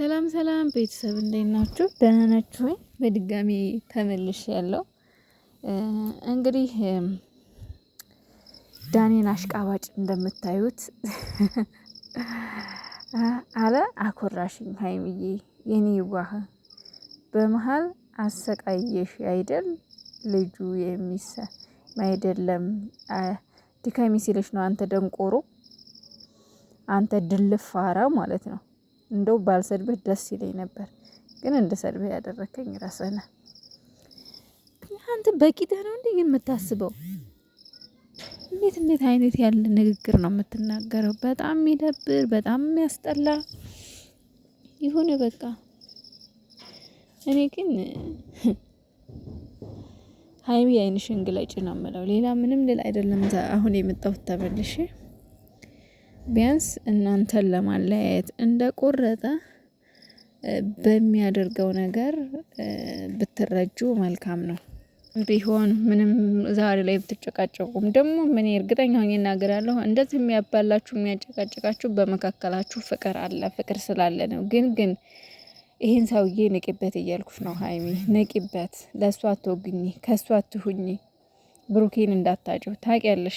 ሰላም ሰላም ቤተሰብ እንዴት ናችሁ? ደህና ናችሁ ወይ? በድጋሚ ተመልሽ ያለው እንግዲህ ዳኔን አሽቃባጭ እንደምታዩት አለ አኮራሽኝ፣ ሀይምዬ የኔ ይዋህ በመሀል አሰቃየሽ አይደል ልጁ የሚሰ አይደለም ድካሚ ሲለሽ ነው አንተ ደንቆሮ፣ አንተ ድልፋራ ማለት ነው እንደው ባልሰድብህ ደስ ይለኝ ነበር፣ ግን እንደ እንድሰድብህ ያደረከኝ ራስህ አንተ በቂትህ ነው እንዴ የምታስበው? እንዴት እንዴት አይነት ያለ ንግግር ነው የምትናገረው? በጣም የሚደብር በጣም የሚያስጠላ ይሁን በቃ። እኔ ግን ሀይሚ አይንሽን ግለጭ ነው የምለው፣ ሌላ ምንም ልል አይደለም። አሁን የመጣሁት ተመልሼ ቢያንስ እናንተን ለማለያየት እንደቆረጠ በሚያደርገው ነገር ብትረጁ መልካም ነው። ቢሆን ምንም ዛሬ ላይ ብትጨቃጨቁም ደግሞ ምን እርግጠኛ ሆኜ እናገራለሁ፣ እንደዚህ የሚያባላችሁ የሚያጨቃጭቃችሁ በመካከላችሁ ፍቅር አለ። ፍቅር ስላለ ነው። ግን ግን ይህን ሰውዬ ንቂበት እያልኩሽ ነው ሀይሚ፣ ንቂበት። ለእሷ አትወግኝ፣ ከእሷ አትሁኝ፣ ብሩኬን እንዳታጭው ታውቂያለሽ።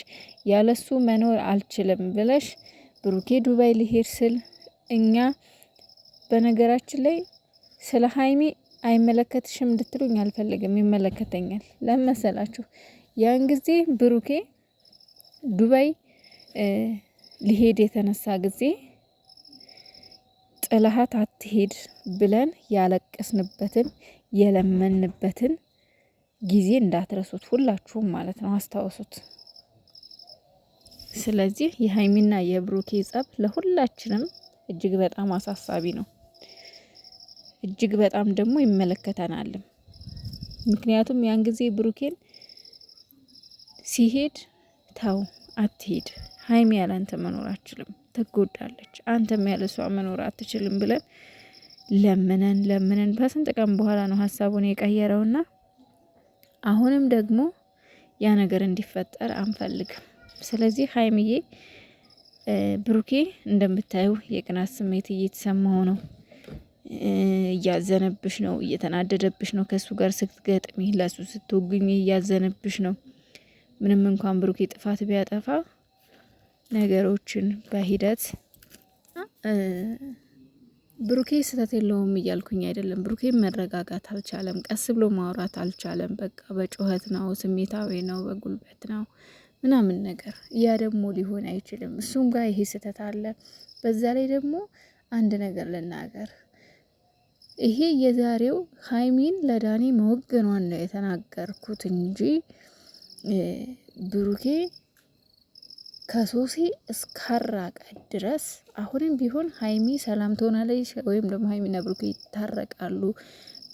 ያለሱ መኖር አልችልም ብለሽ ብሩኬ ዱባይ ሊሄድ ስል እኛ በነገራችን ላይ ስለ ሀይሚ አይመለከትሽም እንድትሉኝ አልፈልግም። ይመለከተኛል። ለመሰላችሁ ያን ጊዜ ብሩኬ ዱባይ ሊሄድ የተነሳ ጊዜ ጥላሃት አትሄድ ብለን ያለቀስንበትን የለመንበትን ጊዜ እንዳትረሱት ሁላችሁም ማለት ነው። አስታውሱት። ስለዚህ የሀይሚና የብሩኬ ጸብ ለሁላችንም እጅግ በጣም አሳሳቢ ነው። እጅግ በጣም ደግሞ ይመለከተናልም። ምክንያቱም ያን ጊዜ ብሩኬን ሲሄድ ተው አትሄድ፣ ሀይሚ ያለ አንተ መኖር አትችልም፣ ትጎዳለች፣ አንተም ያለ እሷ መኖር አትችልም ብለን ለምነን ለምነን በስንት ቀን በኋላ ነው ሀሳቡን የቀየረውና አሁንም ደግሞ ያ ነገር እንዲፈጠር አንፈልግም። ስለዚህ ሀይምዬ ብሩኬ እንደምታዩ የቅናት ስሜት እየተሰማው ነው፣ እያዘነብሽ ነው፣ እየተናደደብሽ ነው። ከእሱ ጋር ስትገጥሚ፣ ለሱ ስትወግኝ እያዘነብሽ ነው። ምንም እንኳን ብሩኬ ጥፋት ቢያጠፋ ነገሮችን በሂደት ብሩኬ ስህተት የለውም እያልኩኝ አይደለም። ብሩኬ መረጋጋት አልቻለም። ቀስ ብሎ ማውራት አልቻለም። በቃ በጩኸት ነው፣ ስሜታዊ ነው፣ በጉልበት ነው ምናምን ነገር። ያ ደግሞ ሊሆን አይችልም። እሱም ጋር ይሄ ስህተት አለ። በዛ ላይ ደግሞ አንድ ነገር ልናገር። ይሄ የዛሬው ሀይሚን ለዳኒ መወገኗን ነው የተናገርኩት እንጂ ብሩኬ ከሶሴ እስካራቀ ድረስ አሁንም ቢሆን ሀይሚ ሰላም ትሆናለች ወይም ደግሞ ሀይሚና ብሩኬ ይታረቃሉ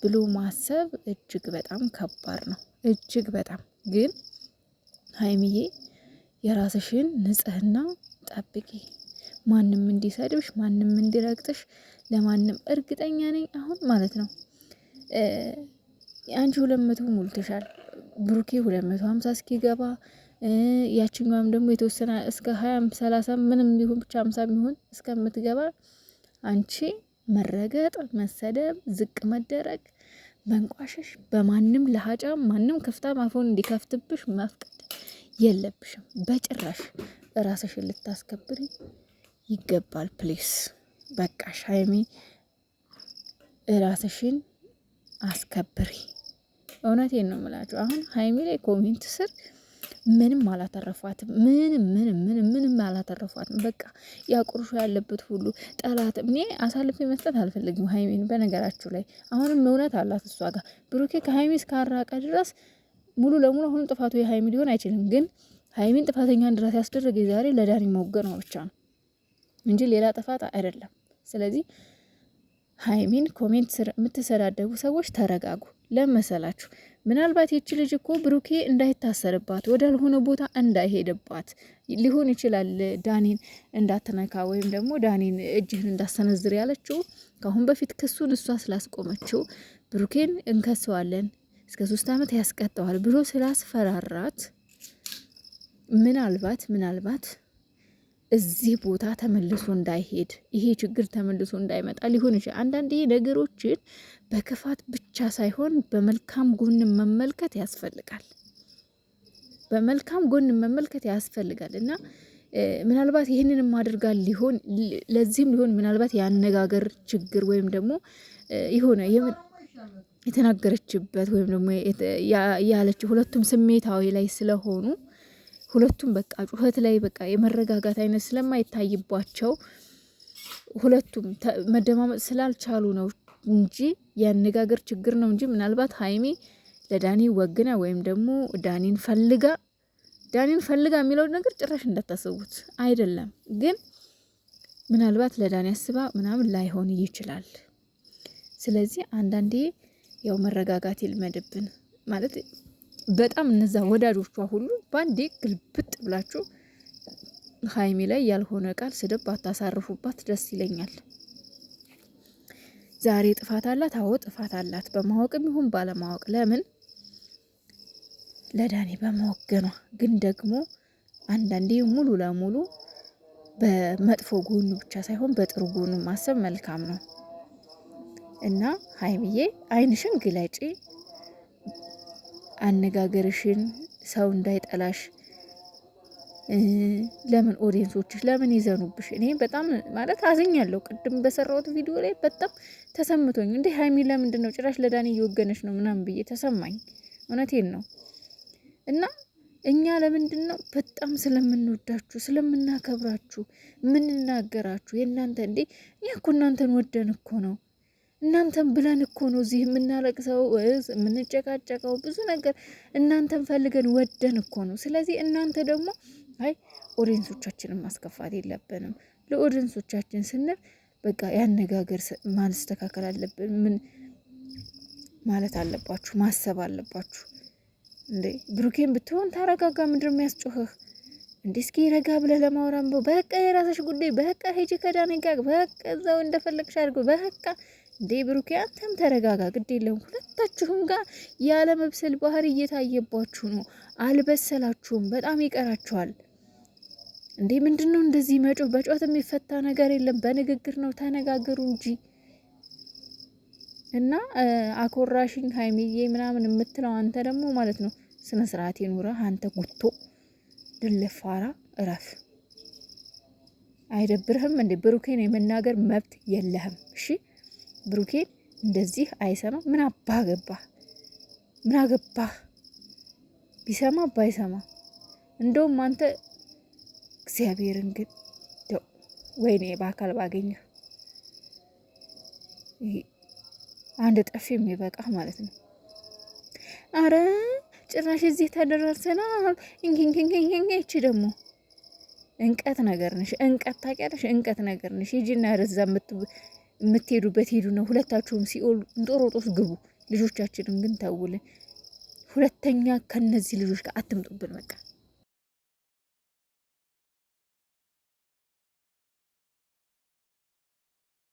ብሎ ማሰብ እጅግ በጣም ከባድ ነው። እጅግ በጣም ግን ሀይሚዬ የራስሽን ንጽህና ጠብቂ። ማንም እንዲሰድብሽ፣ ማንም እንዲረግጥሽ ለማንም እርግጠኛ ነኝ አሁን ማለት ነው። የአንቺ ሁለት መቶ ሞልተሻል። ብሩኬ ሁለት መቶ ሀምሳ እስኪገባ ያችኛም ደግሞ የተወሰነ እስከ ሀያም ሰላሳ ምንም ቢሆን ብቻ ሀምሳ ቢሆን እስከምትገባ አንቺ መረገጥ፣ መሰደብ፣ ዝቅ መደረግ መንቋሸሽ፣ በማንም ለሀጫ ማንም ክፍታ አፉን እንዲከፍትብሽ መፍቀድ የለብሽም በጭራሽ። ራስሽን ልታስከብሪ ይገባል። ፕሊስ በቃ ሻይሚ ራስሽን አስከብሪ። እውነቴን ነው የምላችሁ። አሁን ሀይሚ ላይ ኮሜንት ስር ምንም አላተረፏትም። ምንም ምንም ምንም ምንም አላተረፏትም። በቃ ያ ቁርሾ ያለበት ሁሉ ጠላት። እኔ አሳልፌ መስጠት አልፈልግም ሀይሜን። በነገራችሁ ላይ አሁንም እውነት አላት እሷ ጋር ብሩኬ ከሀይሜ እስካራቀ ድረስ ሙሉ ለሙሉ አሁንም ጥፋቱ የሀይሚ ሊሆን አይችልም። ግን ሀይሜን ጥፋተኛ ድረስ ያስደረገ ዛሬ ለዳኒ መውገር ነው ብቻ ነው እንጂ ሌላ ጥፋት አይደለም። ስለዚህ ሀይሚን ኮሜንት ስር የምትሰዳደጉ ሰዎች ተረጋጉ። ለመሰላችሁ ምናልባት ይቺ ልጅ እኮ ብሩኬ እንዳይታሰርባት ወዳልሆነ ቦታ እንዳይሄድባት ሊሆን ይችላል ዳኒን እንዳትነካ ወይም ደግሞ ዳኒን እጅህን እንዳሰነዝር ያለችው ከአሁን በፊት ክሱን እሷ ስላስቆመችው ብሩኬን እንከሰዋለን እስከ ሶስት ዓመት ያስቀጠዋል ብሎ ስላስፈራራት ምናልባት ምናልባት እዚህ ቦታ ተመልሶ እንዳይሄድ ይሄ ችግር ተመልሶ እንዳይመጣ ሊሆን ይችላል። አንዳንድ ይሄ ነገሮችን በክፋት ብቻ ሳይሆን በመልካም ጎን መመልከት ያስፈልጋል። በመልካም ጎን መመልከት ያስፈልጋል እና ምናልባት ይህንን ማድርጋል ሊሆን ለዚህም ሊሆን ምናልባት የአነጋገር ችግር ወይም ደግሞ የሆነ የተናገረችበት ወይም ደግሞ ያለችው ሁለቱም ስሜታዊ ላይ ስለሆኑ ሁለቱም በቃ ጩኸት ላይ በቃ የመረጋጋት አይነት ስለማይታይባቸው ሁለቱም መደማመጥ ስላልቻሉ ነው እንጂ የአነጋገር ችግር ነው እንጂ ምናልባት ሀይሚ ለዳኒ ወግና ወይም ደግሞ ዳኒን ፈልጋ ዳኒን ፈልጋ የሚለው ነገር ጭራሽ እንዳታስቡት አይደለም። ግን ምናልባት ለዳኒ አስባ ምናምን ላይሆን ይችላል። ስለዚህ አንዳንዴ ያው መረጋጋት ይልመድብን ማለት በጣም እነዛ ወዳጆቿ ሁሉ በአንዴ ግልብጥ ብላችሁ ሀይሚ ላይ ያልሆነ ቃል ስድብ አታሳርፉባት፣ ደስ ይለኛል። ዛሬ ጥፋት አላት። አዎ ጥፋት አላት፣ በማወቅም ይሁን ባለማወቅ። ለምን ለዳኔ በመወገኗ። ግን ደግሞ አንዳንዴ ሙሉ ለሙሉ በመጥፎ ጎኑ ብቻ ሳይሆን በጥሩ ጎኑ ማሰብ መልካም ነው እና ሀይሚዬ አይንሽን ግለጪ። አነጋገርሽን ሰው እንዳይጠላሽ ለምን ኦዲየንሶችሽ ለምን ይዘኑብሽ? እኔ በጣም ማለት አዝኛለሁ። ቅድም በሰራሁት ቪዲዮ ላይ በጣም ተሰምቶኝ እንዲህ ሀይሚ ለምንድን ነው ጭራሽ ለዳኒ እየወገነች ነው ምናምን ብዬ ተሰማኝ። እውነቴን ነው እና እኛ ለምንድን ነው በጣም ስለምንወዳችሁ ስለምናከብራችሁ ምንናገራችሁ የእናንተ እንዴ እኛ እኮ እናንተን ወደን እኮ ነው እናንተን ብለን እኮ ነው እዚህ የምናለቅሰው የምንጨቃጨቀው፣ ብዙ ነገር እናንተን ፈልገን ወደን እኮ ነው። ስለዚህ እናንተ ደግሞ አይ ኦዲንሶቻችንን ማስከፋት የለብንም። ለኦዲንሶቻችን ስንል በቃ ያነጋገር ማስተካከል አለብን። ምን ማለት አለባችሁ፣ ማሰብ አለባችሁ። እንዴ ብሩኬን ብትሆን ታረጋጋ። ምድር የሚያስጮህህ እንዴ? እስኪ ረጋ ብለህ ለማውራም በቃ የራሳሽ ጉዳይ በቃ ሄጂ ከዳኔ ጋር በቃ እዛው እንደፈለግሽ አድርገው በቃ እንዴ ብሩኬ አንተም ተረጋጋ፣ ግድ የለም ሁለታችሁም ጋር ያለ መብሰል ባህሪ እየታየባችሁ ነው። አልበሰላችሁም፣ በጣም ይቀራችኋል። እንዴ ምንድን ነው እንደዚህ መጮ? በጮት የሚፈታ ነገር የለም፣ በንግግር ነው። ተነጋገሩ እንጂ እና አኮራሽኝ ሀይሚዬ ምናምን የምትለው አንተ ደግሞ ማለት ነው ስነ ስርዓት ይኑረ አንተ ጉቶ ድልፋራ እረፍ። አይደብርህም እንዴ ብሩኬን የመናገር መብት የለህም። እሺ ብሩኬ እንደዚህ አይሰማ ምን አባህ ገባህ? ምን አገባህ? ቢሰማ ባይሰማ እንደውም አንተ እግዚአብሔርን ግን ወይኔ በአካል ባገኘ አንድ ጠፊ የሚበቃ ማለት ነው። አረ ጭራሽ እዚህ ተደራርሰናል። እንኪንኪንኪንኪኝ የምትሄዱበት ሄዱ ነው። ሁለታችሁም ሲኦል እንጦሮጦስ ግቡ። ልጆቻችንም ግን ተውልን። ሁለተኛ ከነዚህ ልጆች ጋር አትምጡብን በቃ።